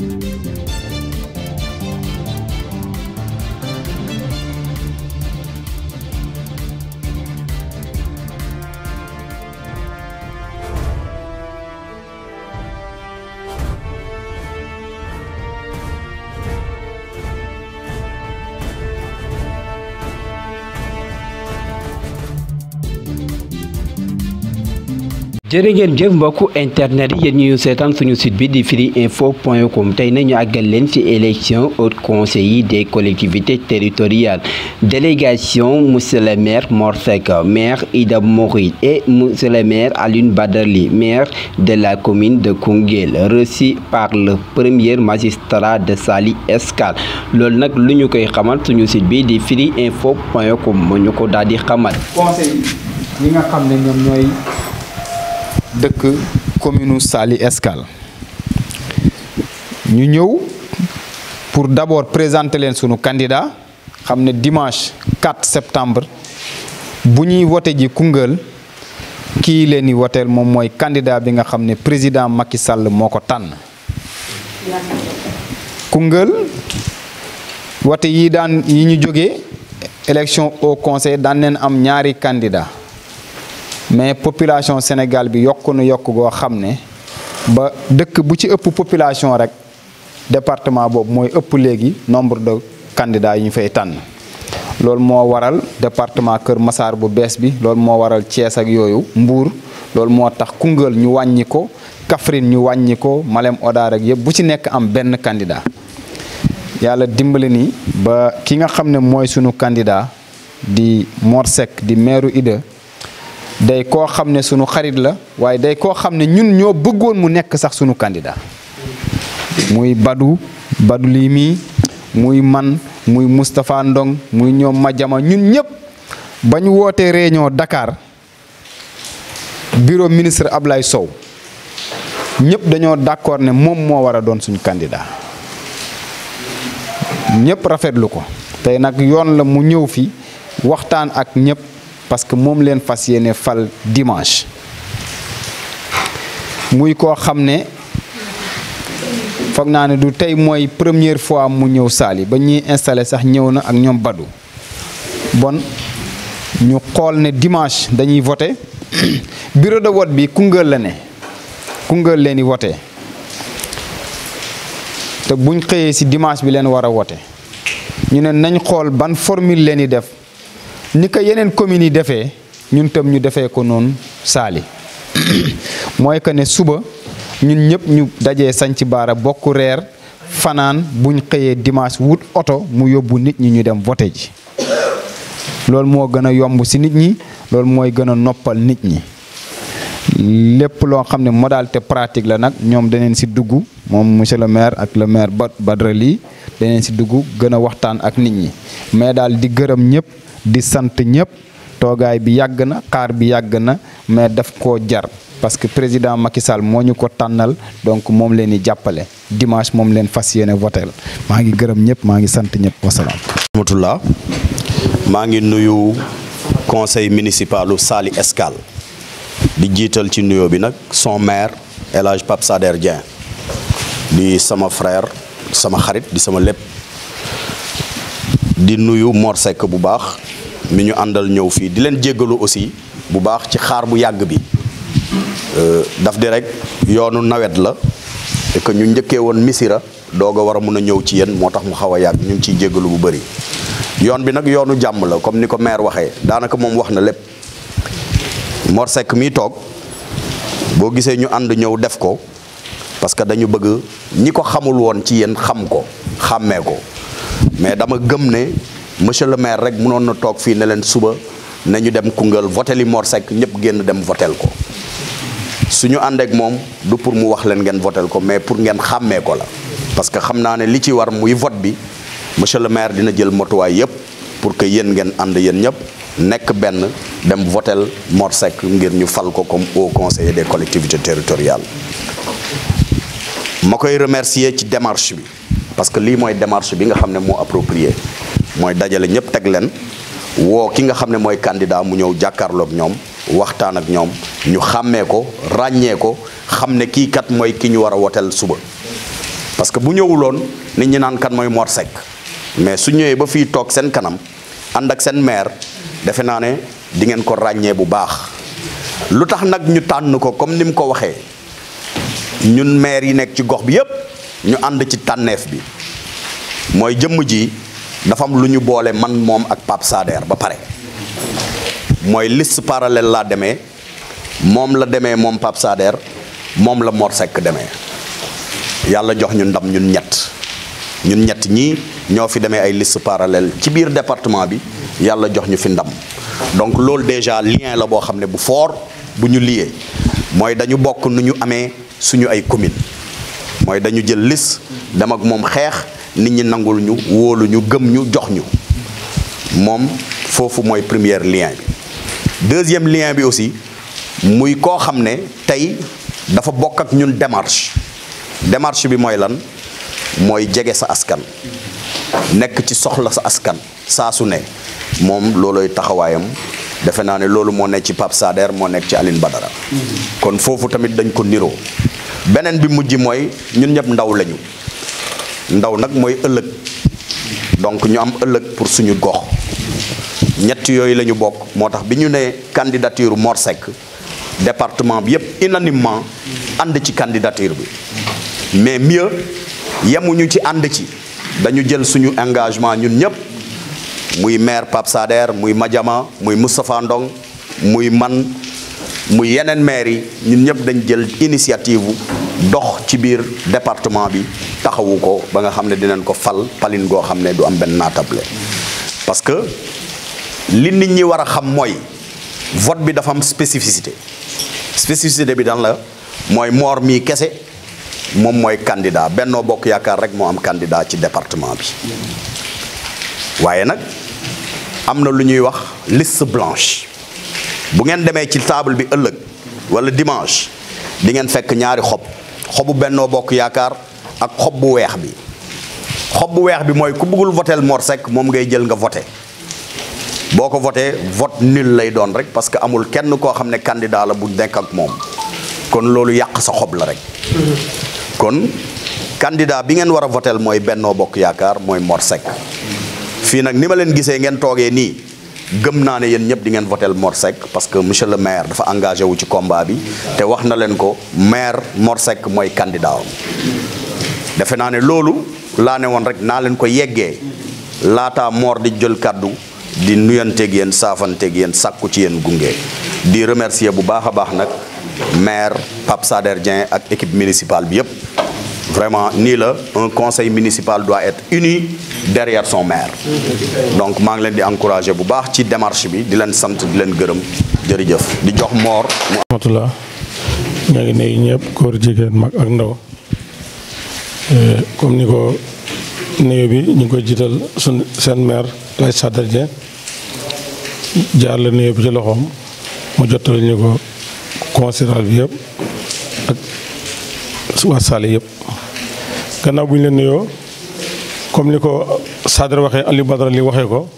Thank you. jërë ngeen jëf mbokku internet yi yéen ñuy seetaan suñu site bi di firi info point com tey nañu àggal leen ci élection au conseil des collectivités territoriales délégation monsieur le maire Mor maire Ida Mouride et monsieur le maire Alioune Badali, maire de la commune de Kungel, reçu par le premier magistrat de Sali Escal. loolu nag lu ñu koy xamal suñu site bi di firi info point com di xamal conseil yi nga xam ne ñoom dëkk commune Saly Escale ñu ñëw pour d'abord présenté leen sunu candidat xam ne dimanche 4 septembre bu ñuy wote ji Koungheul kii leen di woteel moom mooy candidat bi nga xam ne président Macky Sall moo ko tànn Koungheul wote yi daan yi ñu jóge élection au conseil daan neen am ñaari candidat mais population Sénégal bi yokku na yokk goo xam ne ba dëkk bu ci ëpp population rek département boobu mooy ëpp léegi nombre de candidats yi ñu fay tànn loolu moo waral département Kër masaar bu bees bi loolu moo waral Thiès ak yooyu Mbour loolu moo tax Koungheul ñu wàññi ko Kaffrine ñu wàññi ko Malem Odar rek yëpp bu ci nekk am benn candidat yàlla dimbali ni ba ki nga xam ne mooy sunu candidat di morsek di maire Ida day koo xam ne sunu xarit la waaye day koo xam ne ñun ñoo bëggoon mu nekk sax sunu candidat muy Badu Badu lii mii muy man muy Moustapha Ndong muy ñoom Madiama ñun ñëpp ba ñu wootee réunion Dakar bureau ministre Ablaye Sow ñëpp dañoo d'accord ne moom moo war a doon suñu candidat ñëpp rafetlu ko tey nag yoon la mu ñëw fi waxtaan ak ñëpp. parce que moom leen fas yéene fal dimanche muy koo xam ne foog naa ne du tey mooy première fois mu ñëw saali ba ñuy installé sax ñëw na ak ñoom badu bon ñu xool ne dimanche dañuy voté bureau de vote bi Koungheul la ne Koungheul leen di voté te buñ xëyee si dimanche bi leen war a voté ñu ne nañ xool ban formule leen di def ni ko yeneen communes yi defee ñun tam ñu defee ko noonu saali mooy que ne suba ñun ñëpp ñu dajee sañc baara bokk reer fanaan buñ xëyee dimanche wut oto mu yóbbu nit ñi ñu dem vote ji loolu moo gën a yomb si nit ñi loolu mooy gën a noppal nit ñi lépp loo xam ne moo te pratique la nag ñoom daneen si dugg moom monsieur le maire ak le maire Badara Ly daneen ci dugg gën a waxtaan ak nit ñi mais daal di gërëm ñëpp di sant ñëpp toogaay bi yàgg na xaar bi yàgg na mais daf ko jar parce que président Macky Sall moo ñu ko tanal donc mom leen jappalé dimanche mom leen fas votel ma ngi gërëm ñep ma ngi ñep ñëpp wasalaam rahmatullah ma ngi nuyu conseil municipalu Sali Escale di jiital ci nuyo bi nak son maire Elage Pape Sader di sama frère sama xarit di sama lepp di nuyu Mor Seck bu baax mi ñu andal ñew fi di len jéggalu aussi bu baax ci xaar bu yàgg bi euh, daf di rek yoonu nawet la et que ñu ñëkke won misira doga wara mëna ñew ci yeen motax mu xawa a ñu ci ciy bu bari yoon bi nak yoonu jamm la comme niko ko maire waxee daanaka mom wax na lépp Mor Seck mii gisee ñu and ñew def ko parce que dañu bëgg ñiko xamul won ci yeen xam ko xamé ko mais dama gëm ne monsieur le maire rek munoon na toog fii ne leen suba ñu dem Koungheul voté li Mor Seck ñëpp génn dem votel ko suñu ànd ak moom du pour mu wax leen ngeen votel ko mais pour ngeen xàmmee ko la parce que xam naa ne li ci war muy vote bi monsieur le maire dina jël motuwaay yëpp pour que yéen ngeen ànd yéen ñëpp nekk benn dem votel Mor Seck ngir ñu fal ko comme haut conseiller des collectivité territoriales ma koy remercier ci démarche bi parce que lii mooy démarche bi nga xam ne moo approprié mooy dajale ñëpp teg leen woo ki nga xam ne mooy candidat mu ñëw jàkkaarloog ñoom waxtaan ak ñoom ñu xàmmee ko ràññee ko xam ne kat mooy ki ñu war a woteel suba parce que bu ñëwuloon nit ñi naan kan mooy Mor Seck mais su ñëwee ba fii toog seen kanam ànd ak seen maire defe naa ne di ngeen ko ràññee bu baax lu tax ñu tànn ko comme ni ko waxee ñun maire yi nekk ci gox bi yépp ñu ànd ci tànneef bi mooy jëmm ji dafa lu ñu boole man moom ak Pape Sader ba pare mooy list parallèle laa demee moom la demee moom Pape Sader moom la Mor Seck demee yàlla jox ñu ndam ñun ñett ñun ñett ñi ñoo fi demee ay list parallèle ci biir département bi yàlla jox ñu fi ndam donc loolu déjà lien la boo xam ne bu foor bu ñu lié mooy dañu bokk nu ñu amee suñu ay commune mooy dañu jël lis dem ak moom xeex nit ñi nangul ñu wóolu ñu gëm ñu jox ñu moom foofu mooy première lien bi deuxième lien bi aussi muy koo xam ne tey dafa bokk ak ñun démarche démarche bi mooy lan mooy jege sa askan nekk ci soxla sa askan saa su ne moom looloy taxawaayam defe naa ne loolu moo nekk ci Pape Sader moo nekk ci Aline Badara mm-hmm. kon foofu tamit dañ ko niroo beneen bi mujji mooy ñun ñëpp ndaw lañu ndaw nag mooy ëllëg donc ñu am ëllëg pour suñu gox ñett yooyu la ñu bokk moo tax bi ñu ne candidature Mor Seck département bi yëpp unanimement ànd ci candidature bi mais mieux yemuñu ci ànd ci dañu jël suñu engagement ñun ñëpp muy maire Pape muy Madiama muy Moustapha Ndong muy man mu yenen maire ñun ñep dañ jël initiative dox ci biir département bi taxawu ko ba nga xamne dinañ ko fal palin go xamne du am ben natable parce que li nit ñi wara xam moy vote bi dafa am spécificité spécificité bi dan la moy moor mi kese mom moy candidat bennoo bok yakar rek mo am candidat ci département bi waaye nak am lu ñuy wax liste blanche bu ngeen demee ci table bi ëllëg wala dimanche di ngeen fekk ñaari xob xobu Benno Bokk Yaakaar ak xob bu weex bi xob bu weex bi mooy ku bëggul voteel Mor Seck moom ngay jël nga voté boo ko voté vote nul lay doon rek parce que amul kenn koo xam ne candidat la bu nekk moom kon loolu yàq sa xob la rek kon candidat bi ngeen war a voteel mooy Benno Bokk Yaakaar mooy Mor Seck fii nag ni ma leen gisee ngeen toogee nii gëm naa ne yéen ñëpp di ngeen votel Mor Seck parce que monsieur le maire dafa engagé wu ci combat bi te wax na leen ko maire Mor Seck mooy candidat defe naa ne loolu laa ne woon rek naa leen ko yeggee laata Mor di jël kàddu di nuyanteeg yéen saafanteeg yéen sàkku ci yéen gunge di remercier bu baax a baax nag maire Pape Sader Dieng ak équipe municipale bi yëpp vraiment ni là, un conseil municipal doit être uni derrière son maire donc je ngi di encourager bu démarche bi di di gannaaw bu ñu leen nuyoo comme ni ko Sadar waxee Aliou Badara li waxee ko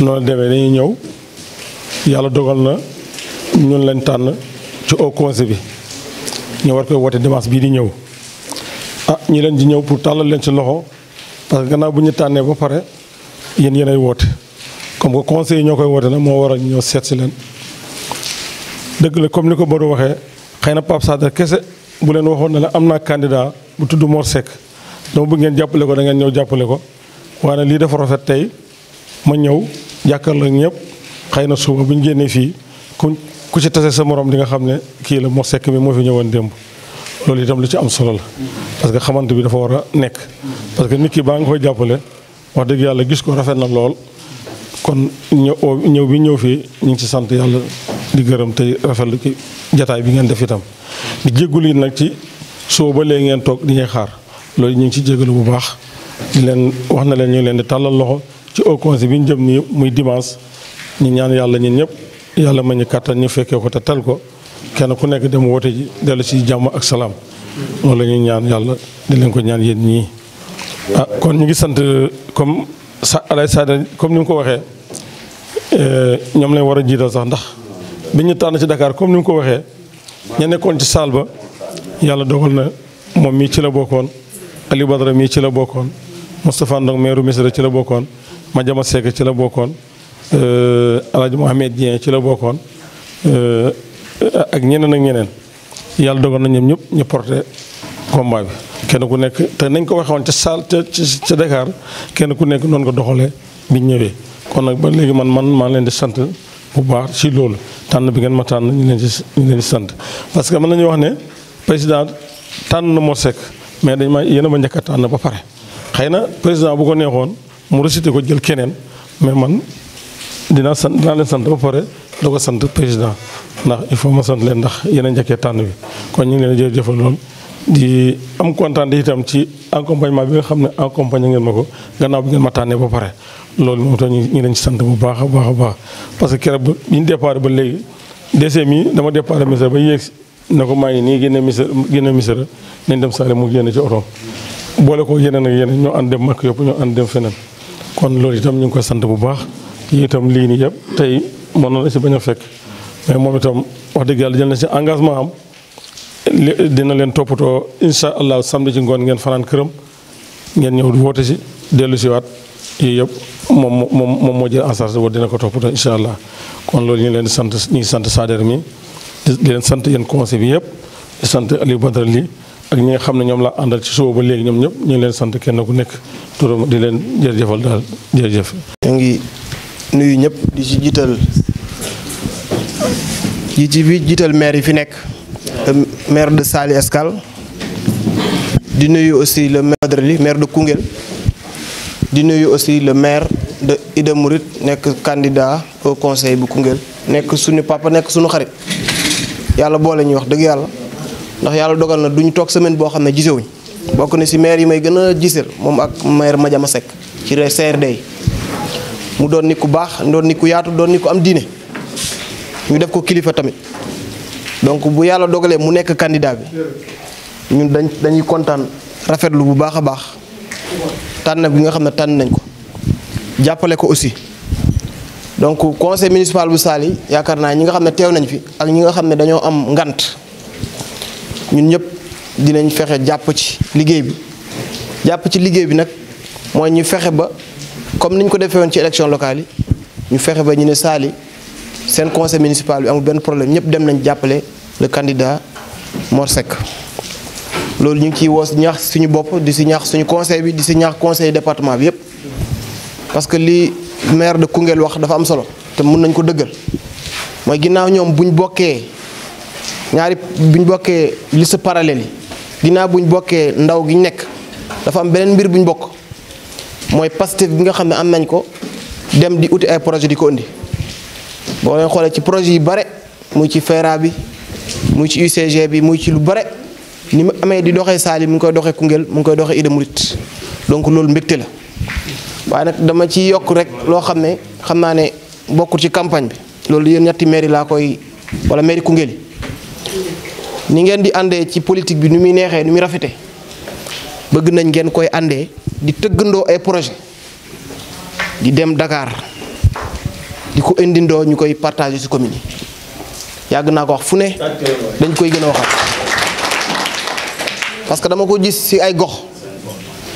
noonu demee dañuy ñëw yàlla dogal na ñun leen tànn ci au conseil bi ñu war koy woote dimanche bii di ñëw. ah ñi leen di ñëw pour tàllal leen ci loxo parce que gannaaw bu ñu tànnee ba pare yéen yéenay woote comme que conseil yi ñoo koy woote nag moo waral ñoo seet si leen dëgg la comme ni ko Badou waxee xëy na Pape Sadar kese bu leen waxoon ne la am naa kandidaa bu tudd Mor Seck dama bëgg ngeen jàppale ko da ngeen ñëw jàppale ko waaye lii dafa rafet tey ma ñëw jàkkaarloo ñëpp xëy na suba bu ñu génnee fii ku ku ci tase sa morom di nga xam ne kii la Mor Seck mi moo fi ñëwoon démb loolu itam lu ci am solo la. parce que xamante bi dafa war a nekk. parce que nit ki baa nga koy jàppale wax dëgg yàlla gis ko rafet na lool kon ñëw bi ñëw fii ñu ngi ci sant yàlla di gërëm tey lu ki jataay bi ngeen def itam di jéggul yi nag ci. soo ba léegi ngeen toog di ñuy xaar loolu ñu ngi ci jégalu bu baax di leen wax na leen ñu leen di tàllal loxo ci au bi ñu jëm nii muy dimanche ñu ñaan yàlla ñun ñëpp yàlla ma ñu kàttan ñu fekkee ko te tal ko kenn ku nekk dem woote ji dellu ci jàmm ak salaam loolu la ñuy ñaan yàlla di leen ko ñaan yéen ñii. ah kon ñu ngi sant comme sa alay sada comme ni mu ko waxee eh, ñoom lañ war a jiital sax ndax bi ñu tànn ci Dakar comme ni mu ko waxee ña nekkoon ci yàlla dogal na moom mii ci la bokkoon Aliou Badara mii ci la bokkoon Moustapha Ndong meeru Missirah ci la bokkoon ma Seck ci la bokkoon euh, Alaaji Mohamed Dieng ci la bokkoon euh, ak ñeneen ak ñeneen yàlla dogal na ñoom ñëpp ñu porté combat bi kenn ku nekk te nañ ko waxoon ca saal ca ca Dakar kenn ku nekk noonu ko doxalee biñ ñëwee kon nag ba léegi man man maa leen di sant bu baax ci loolu tànn bi ngeen ma tànn ñu leen ci sant parce mën nañu wax ne président tànn na Mor Seck mais dañ ma yéen ma njëkk a tànn ba pare xëy na président bu ko neexoon mu recité ko jël keneen mais man dinaa sant dinaa leen sant ba pare da ko sant président ndax il faut ma sant leen ndax yéen a njëkkee tànn bi kon ñu ngi leen jërëjëfal lool di am kontaan itam ci accompagnement bi nga xam ne accompagné ngeen ma ko gannaaw bi ngeen ma tànnee ba pare lool moom itam ñu ngi sant bu baax a baax a baax parce que keroog ba ñu départ ba léegi DCM yi dama départ ministère ba yéeg nako ko maa ngi nii gene misir génne misira nañ dem sale mu gene ci otoom bolé ko yenen ak yenen ñoo ànd dem makk yëpp ñoo ànd dem feneen kon lool itam ñu ko sante bu baax itam li ni yeb tay mënoon na ci baña a fekk mais mom itam wax deug yalla jël na ci engagement am dina len toppatoo incha allah samedi ci ngone ngeen fanan kërëm ngeen ñëw voter ci delu si wat yii yëpp mom mom moom moo jël en charge wo dina ko toppatoo incha allah kon lool ñu len sante ñi sante Sader mi di leen sant yeen conseil bi yeb di sant Aliou Badara lii ak ñi nga xamne ñom la andal ci soobu leg ñom ñep ñi leen sant kenn ku nek turum di leen jërëjëfal dal jërëjëf. ñu ngi nuyu ñep di ci jital yi ci bi jital maire fi nek maire de sali escal di nuyu aussi le maire de maire de ni di nuyu aussi le maire de Ida Mouride nek candidat au conseil bu kungel nek suñu papa nek suñu xarit yalla bo lañ wax deug yalla ndax yalla dogal na duñ tok semaine bo xamne ne gisewuñ bokku ne si maire yi may gëna a mom ak maire Madiama sek ci CRD mu doon ni ku bax doon ni ku yaatu doon ni ku am diiné ñu def ko kilifa tamit donc bu yalla dogalé mu nekk candidat bi ñun dañ dañuy contane rafetlu bu baax a baax bi nga xamne tan nañ ko jappalé ko aussi donc le conseil municipal bu sali yakarna ñi nga xamné téw nañ fi ak ñi nga xamné dañoo am ngant ñun ñëpp dinañ fexé japp ci liggéey bi japp ci liggéey bi nak moy ñu fexé ba comme niñ ko défé won ci élection locale yi ñu fexé ba ñu ne sali sen conseil municipal bi amul ben problème ñëpp dem nañ jappalé le candidat Mor Seck loolu ñu ngi ciy woos ñax suñu bopp di si ñaax suñu conseil bi di si ñaax conseil département bi yëpp parce que li maire de Koungheul wax dafa am solo te mun nañ ko dëggal mooy ginnaaw ñoom buñ bokkee ñaari buñ bokkee liste parallèle yi ginnaaw buñ bokkee ndaw gi ñu nekk dafa am beneen mbir buñ bokk mooy Pastef bi nga xam ne am nañ ko dem di uti ay projet di ko indi boo leen xoolee ci projet yi bare muy ci FERA bi muy ci UCG bi muy ci lu bare ni mu amee di doxee saali mu ngi koy doxee Koungheul mu ngi koy doxee Ida Mouride donc loolu mbégte la. waaye nag dama ci yokk rek loo xam ne xam naa ne bokkul ci campagne bi loolu yéen ñetti mairie laa koy wala mairie Koungheul ni ngeen di àndee ci politique bi nu muy neexee nu muy rafete bëgg nañ ngeen koy àndee di tëggandoo ay projet di dem dakaar di ko indindoo ñu koy partager ci commune yi yàgg naa ko wax fu ne dañ koy gën a waxaat parce que dama ko gis ci ay gox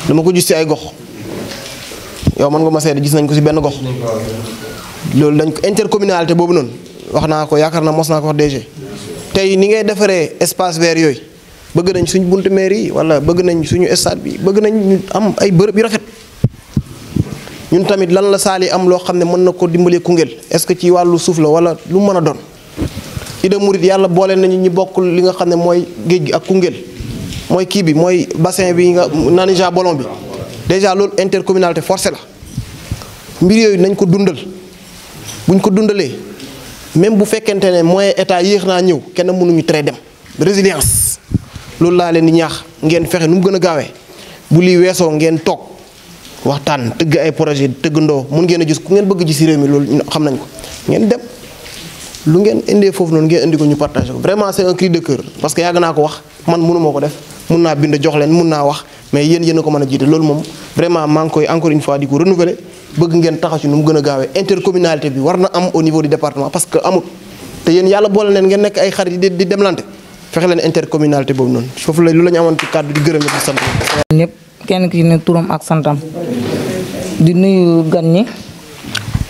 dama ko gis ci ay gox yow mën nga ma seede gis nañ ko si benn gox loolu dañ ko intercommunalité boobu noonu wax naa ko yaakaar na mos naa ko wax tey ni ngay defaree espace vert yooyu bëgg nañ suñu buntu maire yi wala bëgg nañ suñu stade bi bëgg nañ ñu am ay bërëb yu rafet ñun tamit lan la saali am loo xam ne mën na ko dimbalee Koungheul est-ce que ci wàllu suuf la wala lu mën a doon Ida Mouride yàlla boole nañu ñu bokk li nga xam ne mooy géej gi ak Koungheul mooy kii bi mooy bassin bi nga Nanija Bolon bi déjà l'intercommunalité intercommunalité forcée la mbir yoy ko dundal buñ ko dundalé même bu fekkente ne moyen état ñew mënu ñu très dem résilience lool la leen di ñaax ngeen bu li wéso ngeen tok waxtaan ay projet ngeen ku vraiment c'est un cri de cœur parce que ko wax man mënu moko def mais yeen yeen ko meuna jité jiite mom vraiment mang koy encore une fois di ko renouveler bëgg ngeen taxaw num gëna gaawé intercommunalité bi warna am au niveau du département parce que amut té yeen yalla boole leen ngeen nek ay xarit di di demlante fexé leen intercommunalité bobu non fofu lay lu lañ amone ci cadre di gërëm ci sant. ñep kenn ki ne turum ak santam di nuyu gan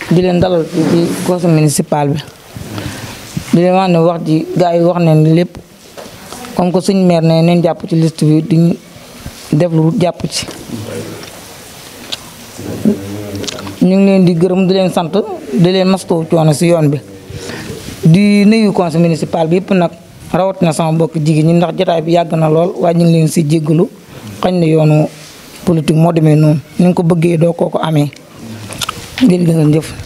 di leen dalal ci conseil municipal bi di leen wax ne wax di gaay wax nañ lepp comme ko suñu maire ne ñen japp ci liste bi di def lu jàpp ci ñu ngi leen di gërëm di leen sant di leen mastaw coono si yoon bi di nuyu conseil municipal bi yëpp nag rawat na sama mbokk jigéen ñi ndax jotaay bi yàgg na lool waaye ñu ngi leen si jéggalu xañ na yoonu politik moo demee noonu ni nga ko bëggee doo koo ko amee ngir gën jëf